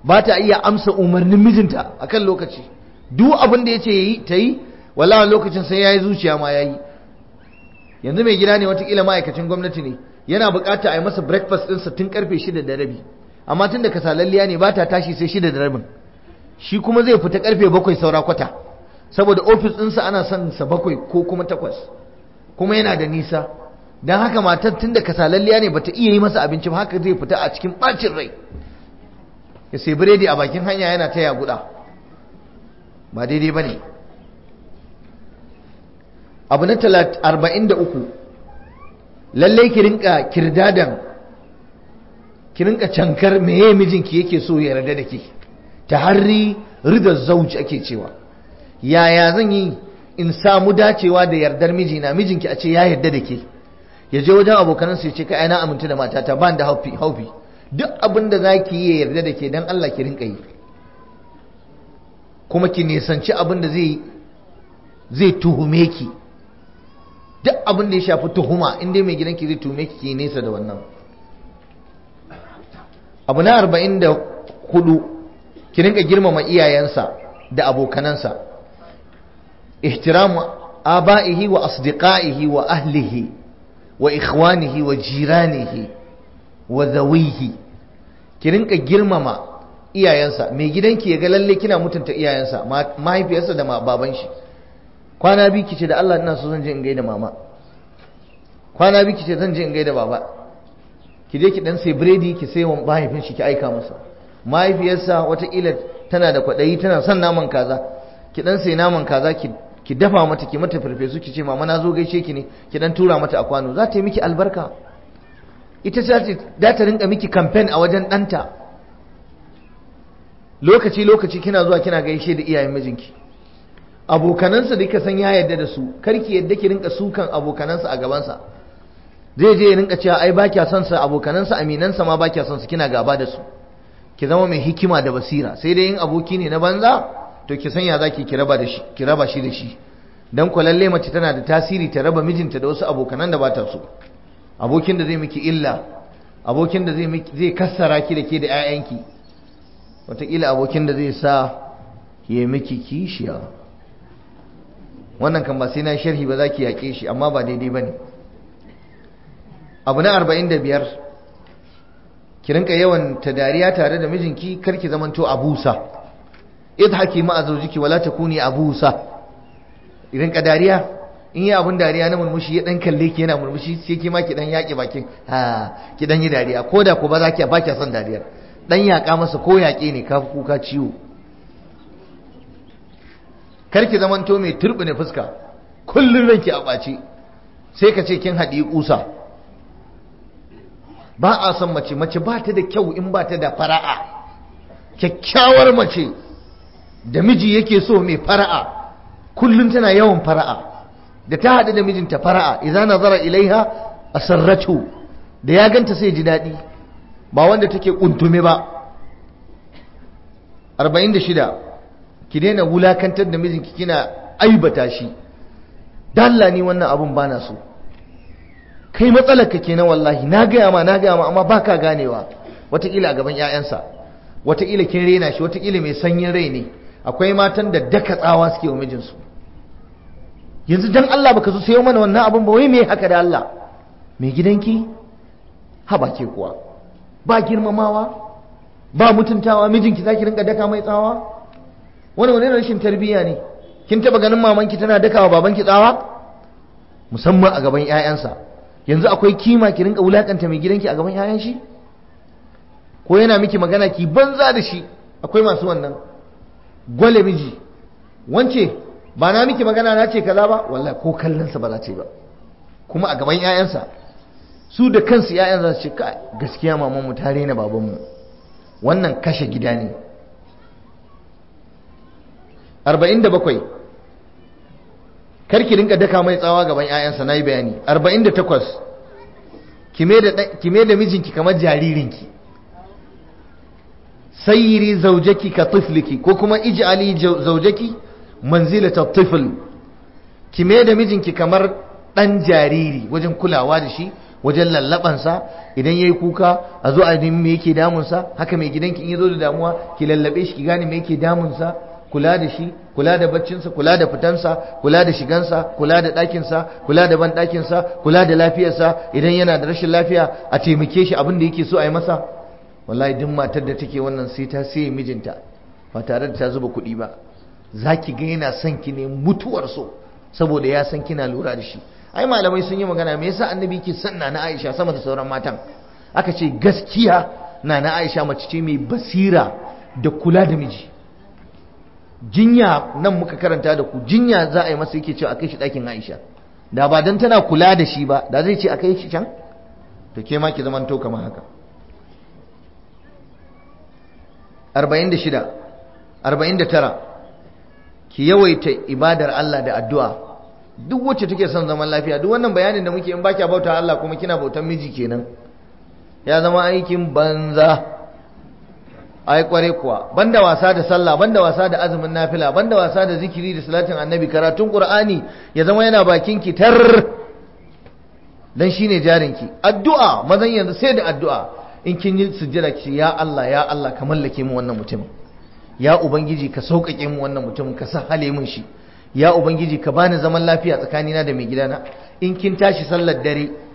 ba ta iya amsa umarnin mijinta akan lokaci duk abin da ya ce ta yi wallahi lokacin sai ya yi zuciya ma ya yi yanzu mai gida ne watakila ma'aikacin gwamnati ne yana bukata a yi masa breakfast ɗinsa tun karfe shida da rabi amma tun da kasalalliya ne ba ta tashi sai shida da rabin shi kuma zai fita karfe bakwai saura kwata saboda ofis ɗinsa ana son sa bakwai ko kuma takwas kuma yana da nisa don haka matar tun da kasalalliya ne bata iya yi masa abinci ba haka zai fita a cikin ɓacin rai ya sai biredi a bakin hanya yana taya yaguda ba daidai ba ne abu na 43 lallai ki rinka kirdadan ki rinka cankar meye mijinki yake so ya yarda da ke ta harri ridar zauji ake cewa yaya zan yi in samu dacewa da yardar mijina mijinki a ce ya yarda da ke ya je wajen abokanansa ya ce kai na aminta da matata ban da haufi haufi duk abin da za ki yi yarda da ke don Allah ki rinka yi kuma ki nisanci abin da zai tuhume ki duk abin da ya shafi tuhuma in mai gidan ki zai tume ki nesa da wannan abu na arba'in da hudu ki rinka girmama iyayensa da abokanansa ihtiramu aba'ihi wa asdiqa'ihi wa ahlihi wa ikhwanihi wa jiranihi wa zawihi ki rinka girmama iyayensa mai gidanki ya ga lalle kina mutunta iyayensa mahaifiyarsa da baban shi kwana biyu kice da Allah ina so zan je in gaida mama kwana biyu kice zan je in gaida baba ki je ki dan sai biredi ki sai wa mahaifin shi ki aika masa mahaifiyarsa wataƙila tana da kwaɗayi tana son naman kaza ki dan sai naman kaza ki ki dafa mata ki mata farfesu ki ce mama na zo gaishe ki ne ki dan tura mata a kwano za ta yi miki albarka ita ce da ta rinka miki campaign a wajen ɗanta lokaci lokaci kina zuwa kina gaishe da iyayen mijinki abokanansa da ka san ya yarda da su karki yadda ki rinka sukan abokanansa a gabansa zai je ya rinka cewa ai ba kya son sa abokanansa aminansa ma ba kya son su kina gaba da su ki zama mai hikima da basira sai dai in aboki ne na banza to ki san ya zaki ki raba da shi ki raba shi da shi dan ko lalle mace tana da tasiri ta raba mijinta da wasu abokanan da ba ta so abokin da zai miki illa abokin da zai zai kassara ki da ke da 'ya'yanki wataƙila abokin da zai sa ya miki kishiya wannan kan ba sai na sharhi ba zaki yake yaƙe shi amma ba daidai ba ne abu na arba'in da biyar ki rinka yawan ta dariya tare da mijinki kar ki zamanto abusa idhaki ma zawjiki wala takuni abusa irin dariya in yi abun dariya na murmushi ya dan kalle ki yana murmushi sai ki ma ki dan yaƙi bakin ha ki dan yi dariya ko da ko ba zaki ba ki son dariyar dan yaka masa ko yaƙe ne ka kuka ciwo karki zamanto mai turbine fuska kullun ranki a ɓaci sai ka ce kin haɗi ƙusa ba a son mace mace ba ta da kyau in ba ta da fara'a kyakkyawar mace da miji yake so mai fara'a kullum tana yawan fara'a da ta haɗu da mijinta fara'a iza nazara ilaiha a asarratu da ya ganta sai ji daɗi ba wanda take ƙuntume ba 46 ki daina wulakantar da mijinki kina aibata shi dalla ni wannan abun bana so kai matsalar ka na wallahi na gaya ma na gaya ma amma baka ganewa wataƙila a gaban 'ya'yansa wataƙila kin rena shi wataƙila mai sanyin rai ne akwai matan da daka tsawa suke wa mijinsu yanzu dan Allah baka zo sayo mana wannan abun ba wai me haka da Allah mai gidanki haba ke kuwa ba girmamawa ba mutuntawa mijinki zaki rinka daka mai tsawa wani wani rashin tarbiyya ne kin taba ganin mamanki tana dakawa babanki tsawa musamman a gaban 'ya'yansa yanzu akwai kima ki rinka wulakanta mai gidanki a gaban 'ya'yan shi ko yana miki magana ki banza da shi akwai masu wannan gwale miji wance ba na miki magana na ce kaza ba wallahi ko kallonsa ba za ce ba kuma a gaban 'ya'yansa su da kansu 'ya'yan za su ce gaskiya mamanmu ta rena babanmu wannan kashe gida ne arba'in da bakwai karki rinka daka mai tsawa gaban 'ya'yansa na yi bayani arba'in da takwas kime da mijinki kamar jaririnki sayiri zaujaki ka tifliki ko kuma iji ali zaujaki ta tifl kime da mijinki kamar ɗan jariri wajen kulawa da shi wajen lallabansa idan ya yi kuka a zo a yi me yake damunsa haka mai gidanki in ya zo da damuwa ki lallabe shi ki gane me yake damunsa kula da shi kula da baccinsa kula da fitansa kula da shigansa kula da ɗakinsa kula da banɗakinsa kula da lafiyarsa idan yana da rashin lafiya a taimake shi abin da yake so a yi masa wallahi duk matar da take wannan sai ta sai mijinta ba tare da ta zuba kuɗi ba za ki ga yana son ki ne mutuwar so saboda ya san kina lura da shi ai malamai sun yi magana me yasa annabi ke son nana aisha sama da sauran matan aka ce gaskiya nana aisha mace ce mai basira da kula da miji jinya nan muka karanta da ku jinya za a yi masa yake cewa a kai shi ɗakin Aisha da ba dan tana kula da shi ba da zai ce a kai shi can to ke ma ki zaman to kamar haka 46 49 ki yawaita ibadar Allah da addu'a duk wacce take son zaman lafiya duk wannan bayanin da muke in baki bauta Allah kuma kina bautan miji kenan ya zama aikin banza ai kware kuwa banda wasa da sallah banda wasa da azumin nafila banda wasa da zikiri da salatin annabi karatun qur'ani ya zama yana bakin ki tar dan shine jarin ki addu'a mazan yanzu sai da addu'a in kin yi sujjada ki ya Allah ya Allah ka mallake mu wannan mutumin ya ubangiji ka sauƙaƙe mu wannan mutumin ka sahale mun shi ya ubangiji ka bani zaman lafiya tsakanina da mai gidana in kin tashi sallar dare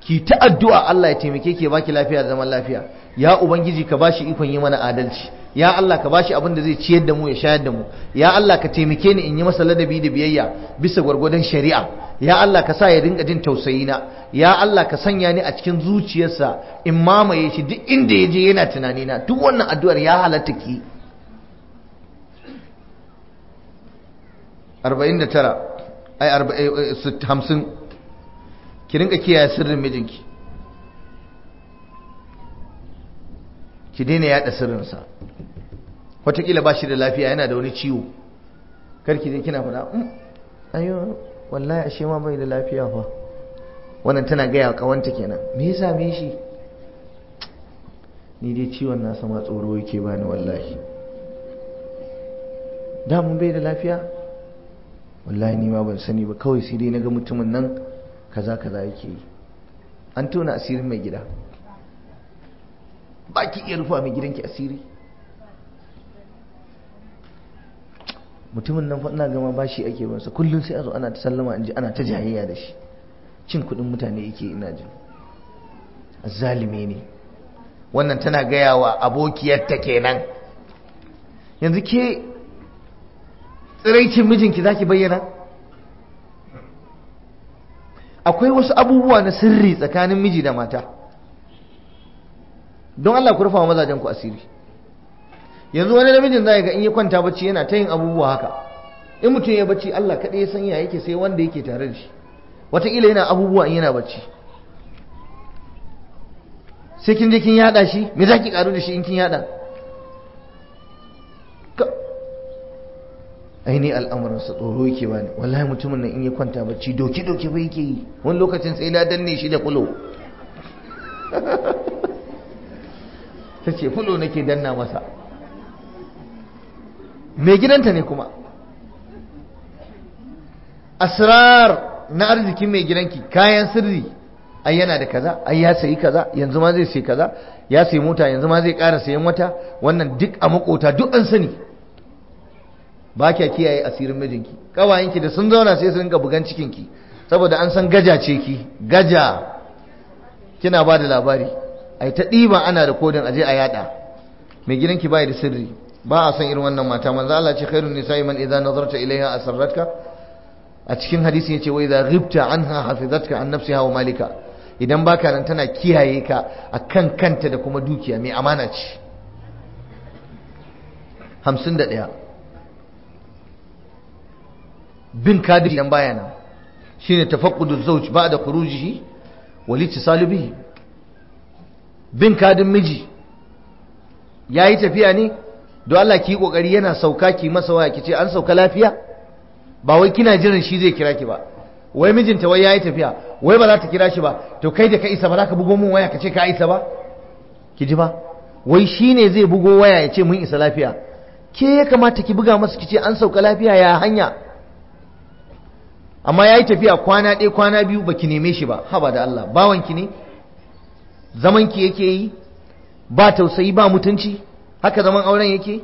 ki ta addu'a Allah ya taimake ki ya baki lafiya da zaman lafiya ya ubangiji ka bashi ikon yi mana adalci ya Allah ka bashi abin da zai ciyar da mu ya shayar da mu ya Allah ka taimake ni in yi masa ladabi da biyayya bisa gwargwadon shari'a ya Allah ka sa ya dinga jin tausayina ya Allah ka sanya ni a cikin zuciyarsa in mamaye shi duk inda ya je yana tunanina duk wannan addu'ar ya halatta ki 49 50 ki rinka kiyaye sirrin mijinki ki daina yada sirrinsa wataƙila ba shi da lafiya yana da wani ciwo karki je kina faɗa mm, ayo wallahi ashe ma bai da lafiya fa wannan tana gaya kawanta kenan me ya same shi ni dai ciwon nasa ma tsoro yake bani wallahi da mun bai da lafiya wallahi ni ma ban sani ba kawai sai dai naga mutumin nan kaza kaza yake yi an tona asirin mai gida ba ki iya rufa mai gidanki asiri mutumin nan faɗina gama ba shi ake wansa, kullum sai a zo ana ta sallama in ji ana ta jayayya da shi cin kuɗin mutane yake ina ji. zalime ne wannan tana gaya wa abokiyarta kenan yanzu ke tsiraicin mijinki zaki bayyana akwai wasu abubuwa na sirri tsakanin miji da mata don Allah ku rufa mazajen ku asiri yanzu wani namijin zai ga in ya kwanta bacci yana ta yin abubuwa haka in mutum ya bacci Allah kaɗai ya san ya yake sai wanda yake tare da shi wataƙila yana abubuwa in yana bacci sai kin je kin yada shi me za ki karu da shi in kin yada aini al'amuransa tsoro yake bani wallahi mutumin nan in ya kwanta bacci doki doki ba yake yi wani lokacin sai na danne shi da kulo, ta ce kulo nake danna masa mai gidanta ne kuma asirar na arzikin mai gidanki kayan sirri ai yana da kaza ai ya sayi kaza yanzu ma zai sayi kaza ya sayi mota yanzu ma zai ƙara sayan wata wannan duk a makota duk an sani ba kya kiyaye asirin mijinki kawayenki da sun zauna sai su rinka bugan cikinki saboda an san gaja ce ki gaja kina ba da labari ai ta ɗiba ana rikodin aje a yada mai gidanki bai da sirri ba a san irin wannan mata manzo Allah ce khairun nisa'i man idza nazarta ilaiha asarratka a cikin hadisi yace wa idza ghibta anha hafizatka an nafsiha wa malika idan baka nan tana kiyaye ka akan kanta da kuma dukiya mai amana ce 51 bin kadiri dan baya nan shine tafaqqudu ba da kuruji? wal walici salibi? bin kadin miji ya yi tafiya ne don Allah ki kokari yana sauka ki masa waya ki ce an sauka lafiya ba wai kina jiran shi zai kira ki ba wai mijinta wai ya yi tafiya wai ba za ta kira shi ba to kai da ka isa ba za ka bugo mun waya ka ce ka isa ba ki ji ba wai shi ne zai bugo waya ya ce mun isa lafiya ke ya kamata ki buga masa ki ce an sauka lafiya ya hanya amma ya yi tafiya kwana ɗaya kwana biyu baki neme shi ba haba da Allah bawanki ne zamanki yake yi ba tausayi ba mutunci haka zaman auren yake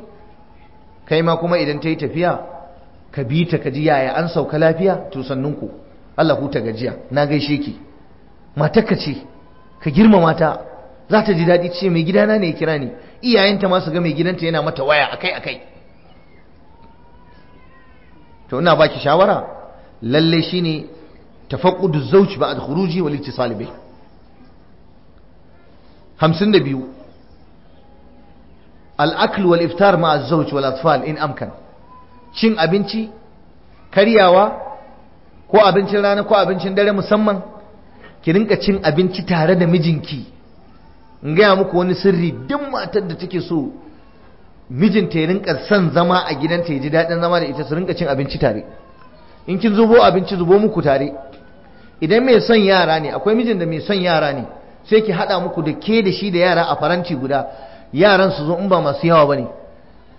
kai ma kuma idan ta yi tafiya ka bi ta ka ji yaya an sauka lafiya to sannunku Allah huta gajiya na gaishe ki matarka ce ka girma mata za ta ji daɗi ce mai gidana ne ya kira ni iyayenta ma su ga mai gidanta yana mata waya akai akai to ina baki shawara lalle shine tafaqqudu zawj ba'd khuruji wal ittisal bih 52 al-akl wal iftar ma'a zawj wal atfal in amkan cin abinci karyawa ko abincin rana ko abincin dare musamman ki rinka cin abinci tare da mijinki in gaya muku wani sirri duk matar da take so mijinta ya rinka son zama a gidanta ya ji daɗin zama da ita su rinka cin abinci tare in kin zubo abinci zubo muku tare idan mai son yara ne akwai mijin da mai son yara ne sai ki haɗa muku da ke da shi da yara a faranti guda yaran su zo in ba masu yawa bane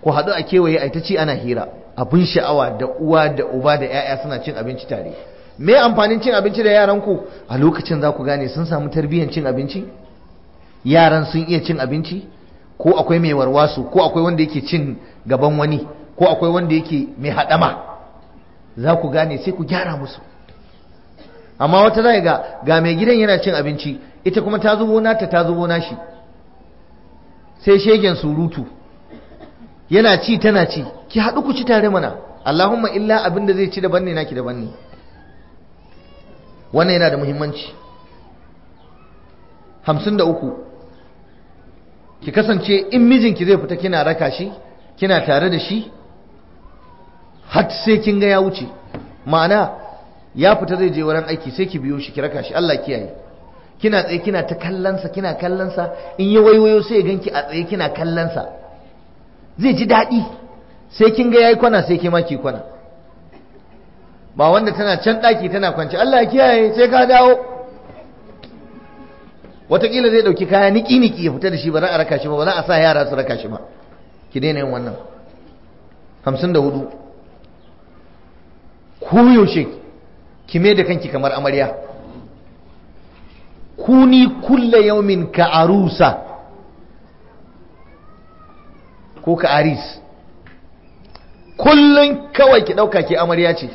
ku haɗu a kewaye a ta ci ana hira abin sha'awa da uwa da uba da 'ya'ya suna cin abinci tare me amfanin cin abinci da yaran ku a lokacin za ku gane sun samu tarbiyyar cin abinci yaran sun iya cin abinci ko akwai mai warwasu ko akwai wanda yake cin gaban wani ko akwai wanda yake mai haɗama za ku gane sai ku gyara musu amma wata za ga ga mai gidan yana cin abinci ita kuma ta zubo nata ta zubo nashi sai shegen surutu yana ci tana ci ki haɗu ku ci tare mana allahumma illa abin da zai ci daban ne naki daban ne wannan yana da muhimmanci hamsin da uku ki kasance in mijinki zai fita kina raka shi kina tare da shi har sai kin ga ya wuce ma'ana ya fita zai je wurin aiki sai ki biyo shi ki raka shi Allah kiyaye kina tsaye kina ta kallansa kina kallansa in ya waiwayo sai ya ganki a tsaye kina kallansa zai ji daɗi sai kin ga yayi kwana sai ke ma ki kwana ba wanda tana can ɗaki tana kwance Allah kiyaye sai ka dawo watakila zai ɗauki kaya niki-niki ya fita da shi ba za a raka shi ba ba za a sa yara su raka shi ba ki daina yin wannan hamsin da hudu koyaushe ki mai da kanki kamar amarya kuni kulle yaumin ka arusa ko ka aris kullum kawai ki ɗauka ki amarya ce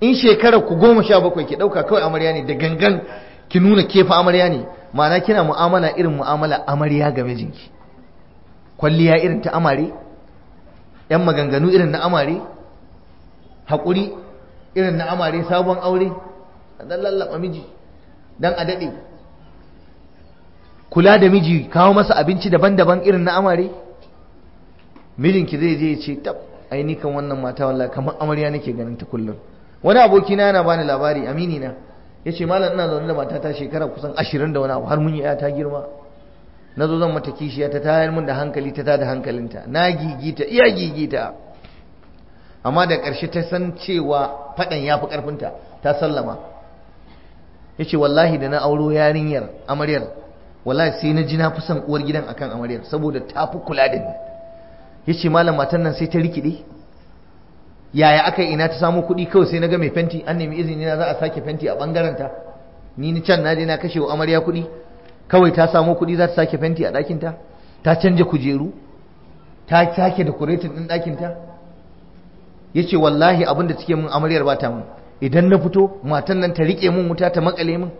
in shekara ku goma sha bakwai ki ɗauka kawai amarya ne da gangan ki nuna kefa amarya ne ma'ana kina mu'amala irin mu'amala amarya ga mijinki kwalliya irin ta amare yan maganganu irin na amare haƙuri irin na amare sabon aure a dan lallaba miji dan a dade kula da miji kawo masa abinci daban-daban irin na amare Mijin ki zai je ya ce tab ai kan wannan mata wallahi kamar amarya nake ganin ta kullum wani aboki na yana bani labari amini na yace malam ina zaune da matata shekara kusan 20 da wani abu har mun yi ta girma nazo zan mata kishiya ta tayar mun da hankali ta ta da hankalinta na gigita iya gigita amma da ƙarshe ta san cewa faɗan ya fi ƙarfinta ta sallama ya ce wallahi da na auro yarinyar amaryar wallahi sai na ji na fi son uwar gidan akan amaryar saboda ta fi kula da ni ya ce malam matan nan sai ta rikide yaya aka ina ta samu kuɗi kawai sai na ga mai fenti an nemi izini na za a sake fenti a ɓangaren ta ni ni can na je na kashe wa amarya kuɗi kawai ta samu kuɗi za ta sake fenti a ɗakinta ta canja kujeru ta sake da kuretin ɗin ɗakinta yace wallahi abinda da take mun amaryar bata mun idan na fito matan nan ta rike mun wuta ta makale mun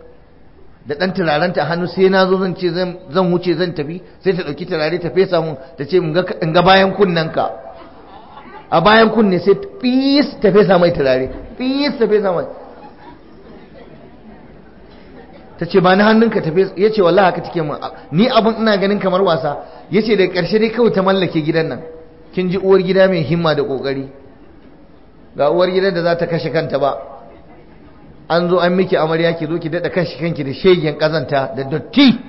da dan turaren ta hannu sai na zo zan ce zan wuce zan tafi sai ta dauki turare ta fesa mun ta ce in ga bayan kunnen ka a bayan kunne sai fis ta fesa mai turare fis ta fesa mai ta ce ba ni hannunka ta fesa ya ce wallahi haka take mun ni abin ina ganin kamar wasa ya ce da ƙarshe dai kawai ta mallake gidan nan kin ji uwar gida mai himma da ƙoƙari ga uwar gidan da za ta kashe kanta ba an zo an miki amarya ki zo ki daɗa kashe kanki da shegen ƙazanta da dotti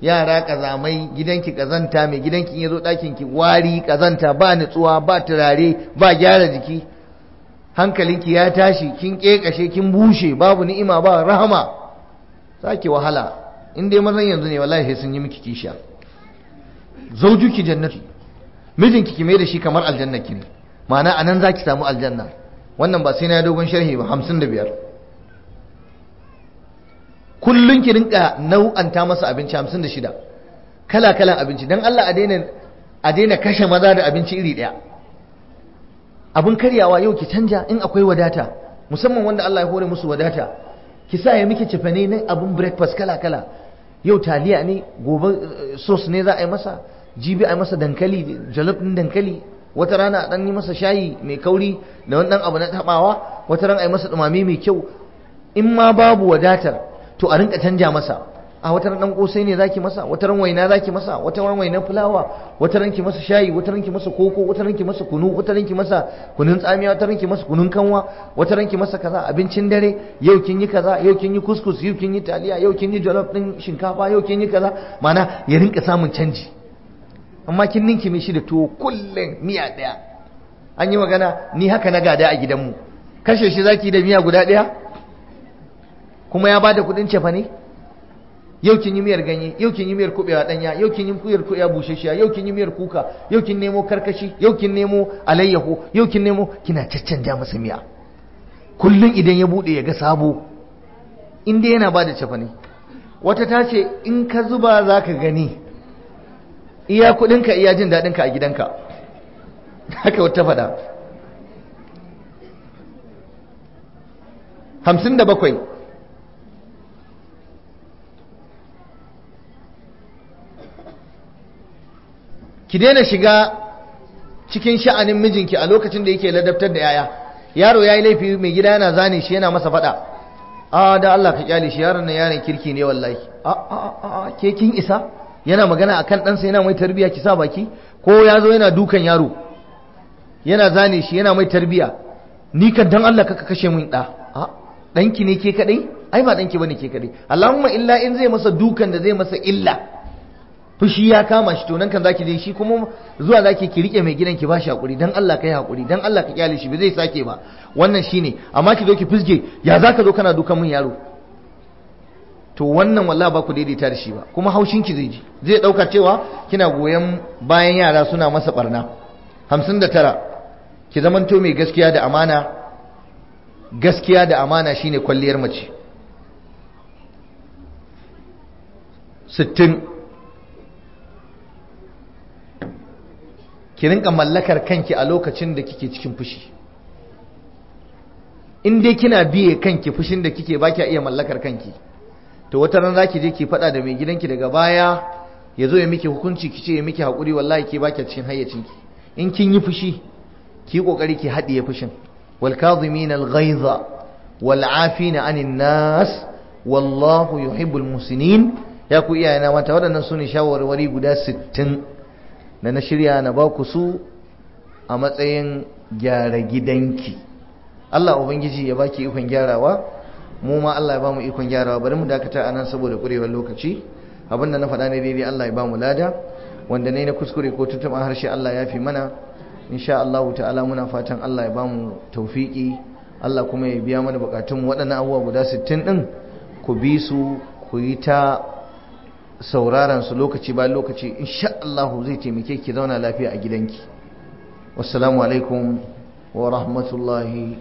yara ƙazamai gidanki ƙazanta mai gidanki ya zo ɗakinki wari ƙazanta ba nutsuwa ba turare ba gyara jiki hankalinki ya tashi kin ƙeƙashe kin bushe babu ni'ima ba rahama za wahala in dai mazan yanzu ne wallahi sai sun yi miki kisha zaujuki jannati mijinki ki mai da shi kamar aljannaki ma'ana za ki samu aljanna wannan ba sai na dogon sharhi ba 55 kullun ki rinka nau'anta masa abinci 56 kala kalan abinci dan Allah a daina kashe maza da abinci iri daya Abin karyawa yau ki canja in akwai wadata musamman wanda Allah ya hore musu wadata ki sa ya miki cefane na abin breakfast kala kala yau taliya ne gobe eh, sos ne za a yi masa jibi a yi masa dankali jalof ɗin dankali wata rana a dan yi masa shayi mai kauri da wani dan abu na tabawa wata rana a yi masa dumame mai kyau in ma babu wadatar to a rinka canja masa a wata ran dan kosai ne zaki masa wata ran waina zaki masa wata ran waina fulawa wata ran ki masa shayi wata ran ki masa koko wata ran ki masa kunu wata ran ki masa kunun tsamiya wata ran ki masa kunun kanwa wata ran ki masa kaza abincin dare yau kin yi kaza yau kin yi kuskus yau kin yi taliya yau kin yi jollof din shinkafa yau kin yi kaza mana ya rinka samun canji amma kin ninki mishi da tuwo kullum miya daya. an yi magana ni haka na gada a gidanmu kashe shi zaki da miya guda daya? kuma ya bada kuɗin cefa ne yau kin yi miyar ganye yau kin yi miyar kubewa danya yau kin yi miyar kuya bushashiya yau kin yi miyar kuka yau kin nemo karkashi yau kin nemo alayyaho yau kin nemo kina caccanja masa miya kullun idan ya bude ya ga sabo in yana bada ne wata ta ce in ka zuba zaka gani iya kudinka iya jin daɗinka a gidanka haka wata faɗa hamsin ki daina shiga cikin sha'anin mijinki a lokacin da yake ladabtar da yaya yaro ya yi laifi mai gida yana zane shi yana masa faɗa a ah, da Allah ka kyale shi yaron nan yaron kirki ne wallahi a a a ke kin isa yana magana a kan ɗansa yana mai tarbiya ki sa baki ko ya zo yana dukan yaro yana zane shi yana mai tarbiya ni kan dan Allah kaka kashe min ɗa ɗanki ne ke kaɗai ai ba ɗanki bane ke kaɗai Allahumma illa in zai masa dukan da zai masa illa fushi ya kama shi to nan kan zaki je shi kuma zuwa zaki ki rike mai gidan ki shi hakuri dan Allah kai hakuri dan Allah ka kyale shi ba zai sake ba wannan shine amma ki zo ki fisge ya zaka zo kana dukan mun yaro to wannan walla ba ku daidaita da shi ba kuma haushin ki zai ji zai dauka cewa kina goyen bayan yara suna masa barna 59 ki zamanto mai gaskiya da amana gaskiya da amana shine kwalliyar mace 60 ki rinka mallakar kanki a lokacin da kike cikin fushi in dai kina biye kanki fushin da kike ba kya iya mallakar kanki to wata ran zaki je ki faɗa da mai gidanki daga baya ya zo ya miki hukunci ki ce ya miki haƙuri wallahi ke baki cikin hayyacin ki in kin yi fushi ki kokari ki haɗiye fushin wal kadhimin al ghaiza wal afina anin nas wallahu yuhibbul musinin ya ku iyayena mata waɗannan su ne shawarwari guda 60 da na shirya na ba ku su a matsayin gyara gidanki Allah Ubangiji ya baki ikon gyarawa mu ma Allah ya bamu ikon gyarawa bari mu dakata anan saboda kurewar lokaci abinda na faɗa ne daidai Allah ya bamu lada wanda ne na kuskure ko a harshe Allah ya fi mana insha Allah ta'ala muna fatan Allah ya bamu taufiƙi Allah kuma ya biya mana bukatun waɗannan abubuwa guda 60 din ku bi su ku yi ta sauraron su lokaci bayan lokaci insha Allah zai taimake ki zauna lafiya a gidanki wassalamu alaikum wa rahmatullahi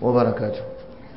wa barakatuh